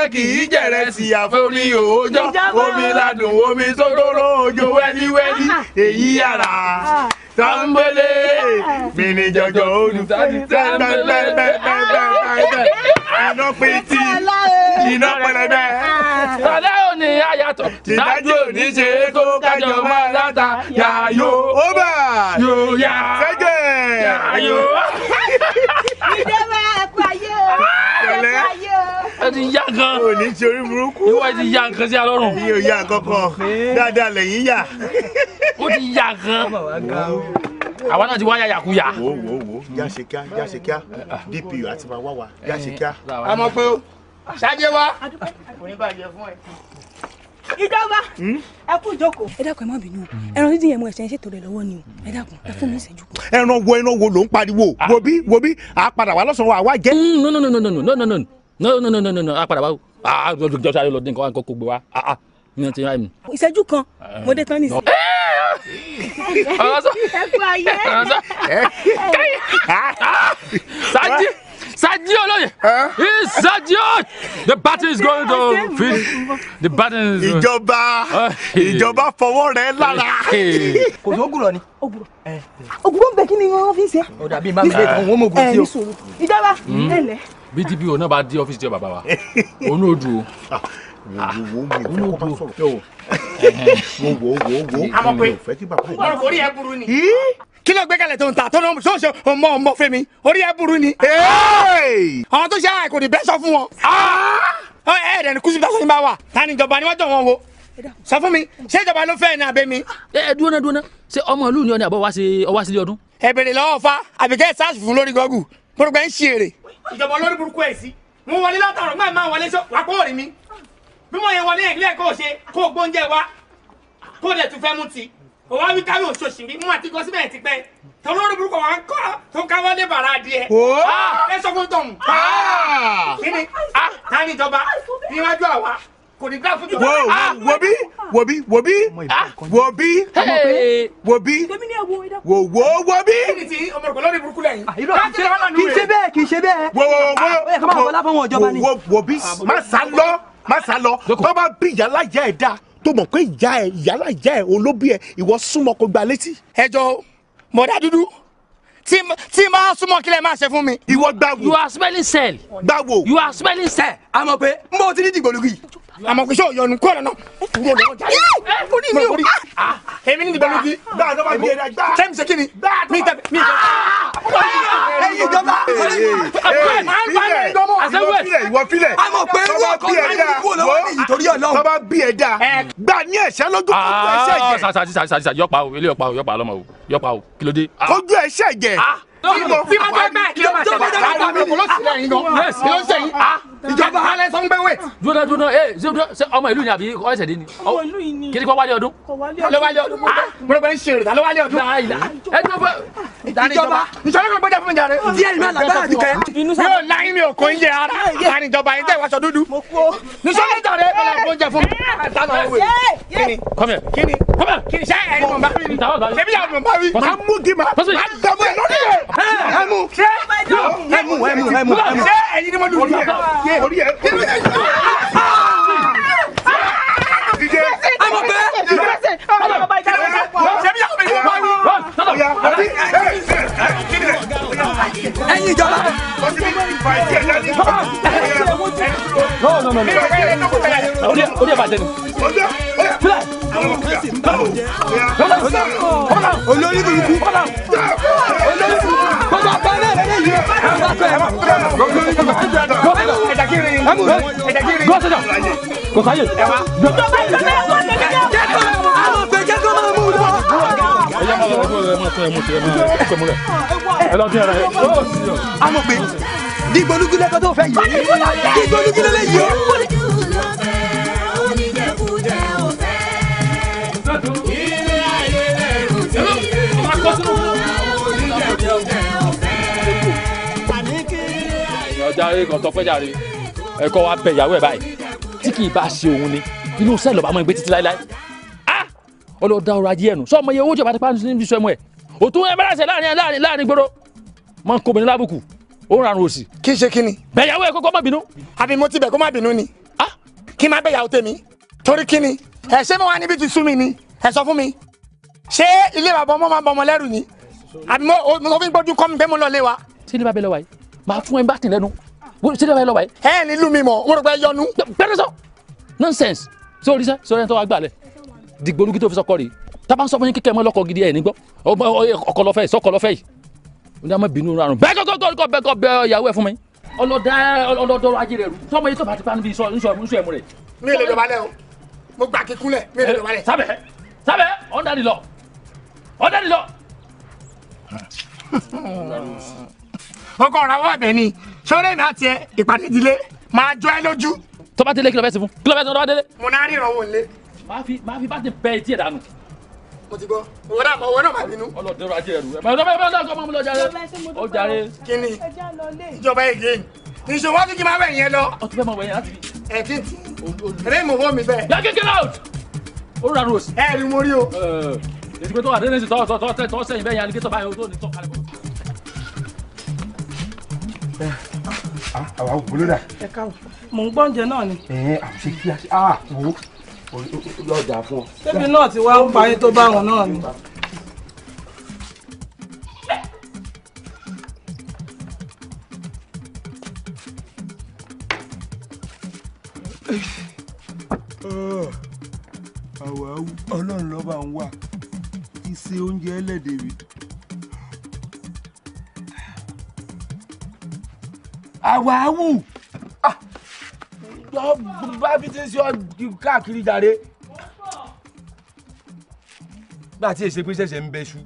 ajá kì í jẹ̀rẹ̀ sí àforí òòjọ́ omi ládùn omi tó tóró òjò wẹ́líwẹ́lí ah, ah. èyí yàrá tambele mini jọjọ olùtàdí tẹ́lẹ̀tẹ́lẹ̀tẹ́lẹ̀tẹ́lẹ̀ àná pétí iná pẹlẹbẹ. Tọ́lá ò ní àyàtọ̀, dájú ò ní ṣe é kó kájọ máa láta yàyò. Ó bà yóò yá. Fẹ́jẹ̀ yàyò. ẹ ti yá nǹkan. o ní ti orí burúkú. ìwọ ti yá nǹkan sí alọ́run. mi ò yá kankan dáadáa lẹ́yìn yá. ó ti yá nǹkan. àwa náà ti wá yàyàkuyà. wo wo wo yá ṣe kíá yá ṣe kíá dpu àti máa wá wa yá ṣe kíá. Eh, eh, a mọ̀ pé o ṣáájú wa ìjọba hmm? ẹ kú jókòó. ẹ dákun ẹ má bínú ẹran dídín yẹn mo ẹsẹ ń ṣètò rẹ lọ́wọ́ ni o ẹ dákun ẹ fún mi ìṣẹ́jú. ẹran wo ẹran wo ló ń pariwo ah. wo bí wo bí àá padà wà lọ́sàn-án wa wá jẹ́. Mm, no no no no no no a padà wá o jọ sáré lọ dín nǹkan kó gbé wa aa ní ọtí láì mi. ìṣẹ́jú kan eh. mo dé tán nìyí. Eh! ẹkú ayé sáájú sáájú olóye the battle is going to fit the battle is. ìjọba eh. ìjọba fọwọ́ rẹ lára. kò sí ogurọ ni. ogurọ ogurọ ń bẹ kí ni wọn fi ń ṣe. ọ̀dà bíi máa ń gbé ìtàn wọn ìjọba hmm. ẹ lẹ bí dpo náà bá dé ọ́fíìsì jẹ́ bàbá wa òun ò dùn o. wo wo wo mi ò fẹ́ kó bá sọ̀rọ̀ wo wo wo wo mi ò fẹ́ kí bàbá yìí. ọ̀rọ̀ orí ẹ burú ni. kí ló gbé kalẹ̀ tó ń ta tó ń sọ ọmọ ọmọ fẹ́mi orí ẹ burú ni. àwọn tó ṣe àìkò ní bẹ́ẹ̀ sọ fún wọn. Ah! ẹ̀ẹ́dẹ̀ni kùsùn tásán ní bá wà tani ìjọba ni wọ́n jọ wọn wo sọ fún mi ṣé ìjọba ló fẹ́ ẹ̀ ní abẹ́ mi. ẹ dúró náà dúró náà ṣé ọmọ ìlú ni ọ ní àbọ̀ wá sí ọdún. ẹ lọ́wọ́ fa àbíkẹ́ sars fún lórí gọ́gù mo rò pé ń ṣe èrè. ìjọba olórí burúkú ẹ̀ sí mo wọlé látàrọ̀ máa máa wọlé sọ wàá pọ́ọ̀rì mi bí mo yẹ wọlé ìgbìlẹ̀ kó o ṣe kó o gbóúnjẹ wa kó o dẹ̀ tún fẹ́ mú ti òwò àwọn ìkàwé òṣòṣì mi mú àti kọ síbẹ̀ ti pẹ́ tọ́lọ́rọ̀ burúkú wa ń kọ́ tó ká wọlé bàrà adìẹ ah, ẹ sọ fún tọ̀hún. Ah. kí ni a ah, ta ni ìjọba níwájú àwa choreograph jọ. wo wo bi wo bi wo bi wo bi wo bi wo wo wo bi. kì í ṣe bẹ́ẹ̀ kì í ṣe bẹ́ẹ̀. wo wo wo wo wo bi má sá lọ má sá lọ bàbá bí yàrá yẹ ẹ dá tó mọ̀ pé ìyá ẹ ìyálà ìyá ẹ olóbí ẹ ìwọ súnmọ́ kó gba létí. ẹ jọ mọ̀dá dúdú tí máa súnmọ́ kílẹ̀ máa ṣe fún mi. ìwọ gbà you are smelling cell. gbà you are smelling cell. àmọ́ pé n bọ́ ti ní dìgbòlugi àmọ́ kò sọ yọnu kọ́ ọ̀nà náà wúwo lọ́wọ́ jà yìí mo ní mi ò bá èmi ní ìbẹ̀rù di báà lọ́wọ́ bí ẹ̀rọ gbà sẹ́mi ṣe kíni mi ìtẹ̀ mi ìtẹ̀ ẹ̀yin ìjọba ìwọ filẹ̀ àmọ́ pé wọ́n kọ́ ní wúwo lọ́wọ́ ní ìtòrí ọlọ́run tọ́ba bí ẹ̀ dá gbà ní ẹ̀ṣẹ́ lójú kókó ẹ̀ṣẹ́ jẹ. sàṣàṣì sàṣàṣì yọpa o ilé yọpa o yọpa lọmọ o yọpa o kí ló dé. kójú ẹ̀ṣẹ́ jẹ. fífọ́ fífọ́ bẹ́ẹ̀ kí ló máa ṣẹlẹ̀ ìjọba alẹ sọ ń gbé wẹ. dúró dúró ẹ dúró eh, ṣe ọmọ ìlú ni àbí ọ̀ṣẹ̀ dín ni. ọmọ ìlú yìí ni. kí ni wálé ọdún. kò wálé ọdún. lọ́wọ́lé ah, mo rẹ̀ pé ń ṣe èrè lọ́wọ́lé ọdún. ẹ dúró bọ́. ìjọba ìṣòro kan gbọ́dọ̀ fún mi jàre. díẹ̀ ni mi àlágbára ti kẹ́. yóò láyé mi ò kó ń jẹ ara. àní ah, ìjọba yìí tẹ̀ wáṣọ dúdú. mo kú. nísọ́lá jàre bọ́lá kó ń jẹ fún mi. kọ́mi ẹ̀ kí ni kí ni ṣe ẹ̀rí mọ̀ bá mi. ṣebí yàrá mọ̀ bá mi. máa mú kí ma. máa dàbọ̀ ẹ̀ lọ́dún yẹn. ẹ mú ẹ mú ẹ mú ẹ mú. ṣé ẹ̀yin ni mo lù ú yẹn dìde kí ló dé yìí. dìde àmọ̀ bẹ́ẹ̀ dìde àmọ̀ bá ìjà lọ́sẹ̀ ṣẹ́mi yàgò mi ìwọ báyìí. ọ̀ya ọ̀dí ẹ̀yin ìjọba. No, no, no, no. Oye, oye, bàjẹ́ ni. Filẹ̀. Olórí burúkú. kò sáyè ẹ wá. tó bá jọ náà kó tèmi náà. jẹ́ kó máa mú àwọn ọ̀gbẹ́ jẹ́ kó máa mú un lọ. ẹ yá máa lọ bọ́ ẹ máa tọ́ ẹ mú tiẹ̀ máa tọ́ mú rẹ̀. ẹ lọ dín ara ẹ. àmọ̀ pé dìgbòlúgúlẹ̀ kó tó fẹ́ yìí dìgbòlúgúlẹ̀ lè yìí ó. jàre kan tó fẹ́ jàre ẹ kọ́ wa bẹ ìyàwó ẹ báyìí tí ì bá ṣe òun ni inú sẹ́ẹ̀lì ọba mọ ìgbé títí láéláé ọlọ́dà ọrọ̀ ajé ẹ̀nu sọ́ọ̀mọ iye owó jọba tipa níbi sọ ẹmu ẹ̀ òtún ẹ bẹ́rẹ̀ sẹ̀ láàrin láàrin láàrin gbòòrò máa ń kóbìnrin lábùkù òun ràn òsì. kí ṣe kí ni. bẹ̀yàwó ẹ̀ kókó má bínú. àbí mo ti bẹ̀ kó má bínú ni. kí má bẹ̀yàwó tèmi torí kí ni ẹ ṣé mo wá níbi ti sú mi ni ẹ sọ fún mi ṣé ilé bàbá ọmọ máa ń bọ lẹ́rù ni àbí mo sọ gbójú kọ́ mi pé mo lọ lé wa. ṣé ilé bàbá ẹ lọ wáyé máa fún ẹ bá tì lẹ́nu ṣé ilé bàbá ẹ lọ wáyé. ẹ ní lù mí nonsense ṣé orí sẹ́ sọ́rẹ́ tó wá gbà lẹ̀ dìgbò olúkí tó fi sọkọ rè tábà ń sọ fún yín kíkẹ́ mọ́ lọ́kọ̀ gidi ẹ̀ nígbọ́ ọkọ̀ lọ́fẹ́ sọ́kọ̀ lọ́fẹ́ yìí ó ní a má bínú rárun bẹ́ẹ̀ kọ́kọ́ kọ́ bẹ́ẹ̀ kọ́ bẹ́ẹ̀ ìyàwó ẹ̀ fún mi ọlọ́dà ọlọ́dọ̀rọ̀ ajé rẹ̀ rú tọ́mọ yìí tó bá ti pa níbi iṣu ẹ̀mú rẹ̀. mi lè dọ̀bálẹ̀ o mo gbà kíkúnlẹ̀ mi lè eh, dọ̀bálẹ̀. sábẹ sábẹ ọ̀dà nílọ ọ̀dà nílọ. ọkọ ọ̀rọ̀ àwọn ọ̀bẹ ni sọ́rẹ́ mi àti ẹ ìpàdé ìdílé máa jọ ẹ lójú tó bá délé kí ló fẹ́ ṣe fún kí ló fẹ́ ṣe fún tó bá délé. mo náà rí ìrànwọ́ nílé. máa fi máa fi bá ti bẹ etí ẹ̀ dànù. mo ti gbọ́ owó náà owó náà máa bínú. ọlọ́dẹ ọrọ̀ ajé ẹ̀rù ẹ̀ bẹ́ẹ̀ bẹ́ẹ̀ bẹ́ẹ̀ ọmọ mi lọ jàre. ìjọba èdè ìṣòwò tó máa wẹ̀ yẹn lọ. ó ti máa wẹ̀ yẹn láti fi. ẹ̀ kí ti rí mo rí o. bẹ́ẹ̀ yẹn àwa ò gbólódà. ẹ káwọ mò ń gbọ́ oúnjẹ náà ni. ẹ àṣẹ kí a ṣe àwò ọjà fún ọ. tẹ́bi náà ti wá ń parí tó bá wọn náà ni. àwáwù ah. bá fi ti ń ṣe ọ káàkiri jàre gbà tí èsè pé ṣẹ̀ṣẹ̀ ń bẹ ṣu.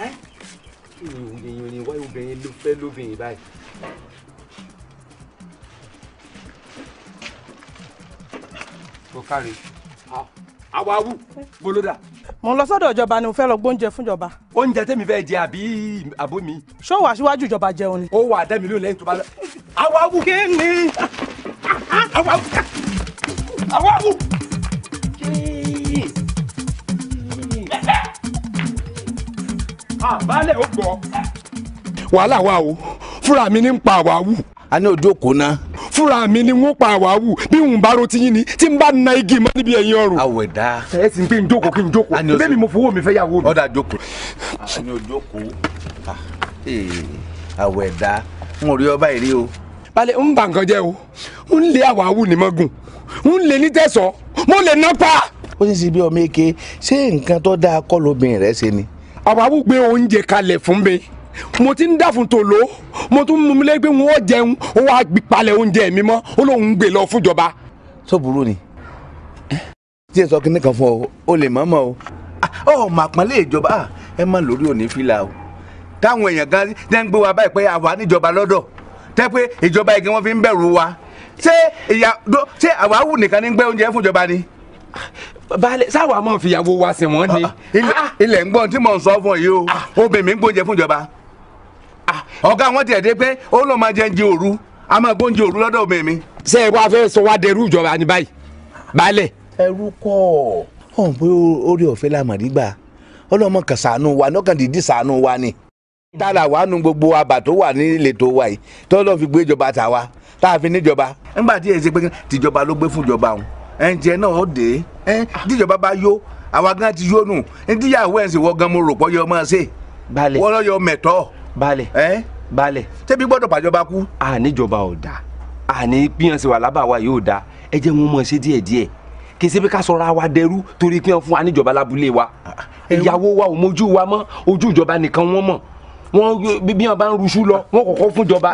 èèyàn ni wáyé obìnrin ló fẹ́ lóbìnrin báyìí. kò káre ah. àwáwù bolódà. mo ń lọ sọ́dọ̀ ìjọba ni mo fẹ́ lọ gbóúnjẹ fúnjọba. oúnjẹ tẹ́mi fẹ́ jẹ àbí àbó mi. ha ha ha ìjọba jẹun ni. ó wà á dẹ́mi ha lẹ́yìn tó bá lọ. àwa wù. kí ni. àwa wù. àwa wù. àbálẹ̀ ó gbọ́. wàhálà wa o fúnra mi ní ha pa àwa wù. a ní ha ha ha fura mi ni wọ́n pa àwáwù bí n bá ro ti yín n bá na igi mọ́ níbi ẹ̀yìn ọrùn. àwẹ̀dá. ẹ sì ń pè ń jókòó kí n jókòó bẹ́ẹ̀ ni mo fowó mi fẹ́ yàwó mi. ọ̀dà jókòó àní ojókòó àwẹ̀dá ah, eh, n ò rí ọba ìrí o. balẹ̀ ń bà nǹkan jẹ́ o ń lé àwáwù ní mọ́gùn ń lé mo lè ná pa. ó sì bí ọmọ eke ṣé nǹkan tó dáa kọ́ lóbìnrin rẹ̀ ṣe ni. mo ti ń dàfún tòló mo tún mú mi lẹ́gbẹ́ wọn ó jẹun ó wá palẹ̀ oúnjẹ mi mọ́ ó lóun gbé lọ fúnjọba. tó burú ni tí ẹ sọ kí nìkan fún ọ o lè mọ̀ọ́mọ̀ o ah, ọ mà pọ́nlé ìjọba ah, ẹ má lórí òní fìlà o táwọn èèyàn gan ní ń gbé wa báyìí pé àwa níjọba lọ́dọ̀ tẹ́ pé ìjọba igi wọn fi ń bẹ̀rù wa ṣé ìyá ṣé àwa wù nìkan ní gbé oúnjẹ fúnjọba ni baálẹ̀ sáwà máa fìyàwó wa sìn wọ́n ni. Ah, ilẹ̀ ń gbọ́n tí mò ń sọ fún ọ yìí o obìnrin mi ń gbóúnjẹ fúnjọba ọ̀gá wọn tiẹ̀ dé pé ó lọ́ọ́ máa jẹ́ oúnjẹ òru a máa gbóúnjẹ òru lọ́dọ̀ mi mi. ṣé ẹ wá fẹ́ sọ wá dẹrú ìjọba ni báyìí balẹ̀. ẹrú kọ ọ̀hún pé orí ọ̀fẹ́ la mọ̀ nígbà kan ṣàánú wa lọ́kàn dídí wa ni. tára wa nu gbogbo abà tó wà ní ìletò wa yìí tọ́lọ́ fi gbé ìjọba wa tá a fi níjọba. ńgbà tí èsì pé tìjọba ló gbé òun ẹnjẹ náà ó dé bá yó àwa gan ti yó nù gan mo rò pọ̀ yọ ọmọ wọ́n lọ́ yọ mẹ̀tọ́. balẹ̀. tẹ́bí gbọ́dọ̀ pàjọba kú. a níjọba ò da a ní píyàn sí wa lábà wa yóò dáa ẹ jẹ́ wọn mọ̀ ṣe díẹ̀díẹ̀ kì í ṣe pé ká sọra wa dẹrú torí píyàn fún wa níjọba lábúlé wa ìyàwó wa ò mójú wa mọ́ ojú ìjọba nìkan wọ́n mọ̀ wọn bí wọn bá ń ruṣu lọ wọn kọ́kọ́ fún jọba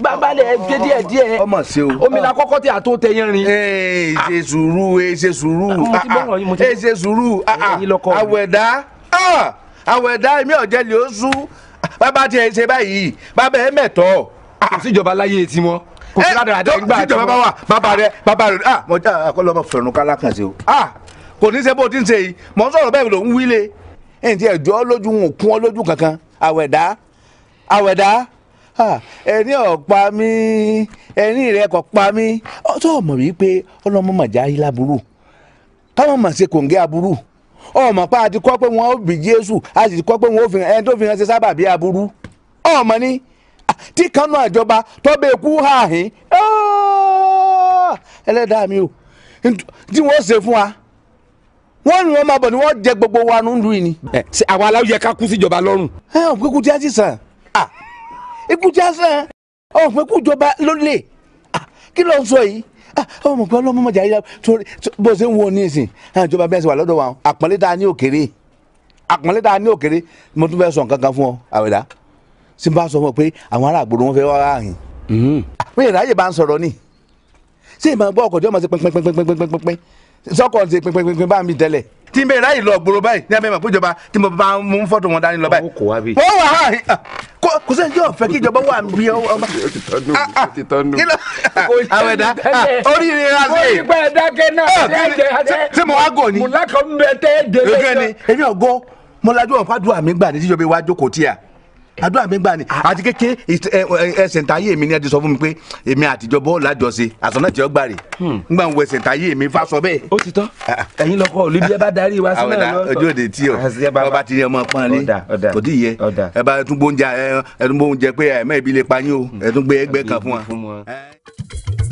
gbá balẹ̀ ẹgbẹ́ díẹ̀ díẹ̀ ọmọ ṣe o omi la kọ́kọ́ tí a tó tẹ yẹn rin. ee eh, ah. ṣe sùúrù ee eh, ṣe sùúrù ah, ah, ee eh, ṣe sùúrù awẹ̀dá awẹ̀dá èmi ọ̀jẹ̀ lè ó sùn bàbá tiẹ̀ ṣe báyìí bàbá ẹ mẹ̀tọ́. kò ah. síjọba láyé tiwọn kò sí ládàradà ìgbà tiwọn. síjọba bá wà bàbá rẹ bàbá rẹ ah mo já akọlọmọ fẹrun kálá kan sí o. ah kò ní í ṣe bó ti ń ṣe yìí mọ̀ ń sọ̀rọ̀ bẹ́ẹ̀ ló ń wílé ẹ̀yìn tí ẹ̀jọ́ lójú ń kún ọ lójú kankan àwẹ̀dá àwẹ̀dá ah, ẹni ọ̀pá mi ẹni rẹ kọ̀ pa mí ọtọ́ mọ̀ wípé ọlọ́mọ màjá yìí láburú káwọn mà ṣe kòǹgẹ́ aburú ọmọ pa àti kọ́ pé wọ́n ó bí Jésù a sì kọ́ pé wọ́n ó fi ẹni tó fi hàn ṣe sábà bí aburú ọmọ ni tí kanú àjọba tọ́bẹ̀ kú hàhín ẹlẹ́dàá mi o tí wọ́n ṣe fún wa wọ́n rìn wọ́n máa bọ̀ ni wọ́n jẹ gbogbo wa nù lù ní. ẹ ṣe àwa aláwọ̀ yẹ ká kú síjọba lọ́rùn. ẹ ò pé kú jásí sàn ah! ikú jásán ẹ ò pé kú jọba lólè kí ló ń sọ yìí ah, ọmọ mọ̀ pé ọlọ́mọ mọ̀jà yíra bó ṣe ń wo ní ìsìn ìjọba bẹ́ẹ̀ sì wà lọ́dọ̀ wa àpọ́nlé tá a ní òkèrè àpọ́nlé tá a ní òkèrè mo tún fẹ́ sọ nǹkan kan fún ọ àwẹ̀dá sì bá sọ fún ọ pé àwọn ará àgbòdo wọn fẹ́ wá ráàyìn pé ìráyè bá ń sọ̀rọ̀ ni ṣé ìmọ̀ bọ́ ọkọ̀ tí wọ́n máa ṣe pínpínpínpínpínpín mi tẹ́lẹ̀ tí n bẹ ìráyè lọ gbòòrò báyìí ní abẹ́mọ̀ péjọba tí mo bá ń fọ́tò wọn dání lọ kò sẹ́ni tí yóò fẹ́ kí ìjọba wà bí ọba. Ah, ah. àwẹ̀ dá ah, oríire ra sí. orí pẹ́ dákẹ́ náà. tí mo wá gọ̀ ni. mùlákọ̀ ń bẹ tẹ́ délé. èmi ọgọ́ mọ́lájú ọ̀fadùn àmì gbà ní tíjọba iwájú kò tíya àdúrà mi gbà ni àti kéke ẹsẹ̀ ntáyé mi ni ẹ ti sọ fún mi pé èmi àtijọ́ bọ́ọ̀lù àjọṣe àsọ̀nà tí ó gbà rè hmm. ngbà ń wọ ẹsẹ̀ ntáyé mi fà sọ bẹ́ẹ̀. ó ti tọ́ ẹ̀yin lọkọ olùdí ẹ bá darí wa sínú ẹ̀ lọ́tọ̀ ojú òde tí o ọba ti yẹ ọmọ pọ́n lé kò tí yẹ ẹ bá tún gbóúnjẹ pé ẹ̀mẹ́ ìbí lè pa yín o ẹ ẹgbẹ́ kan fún wa.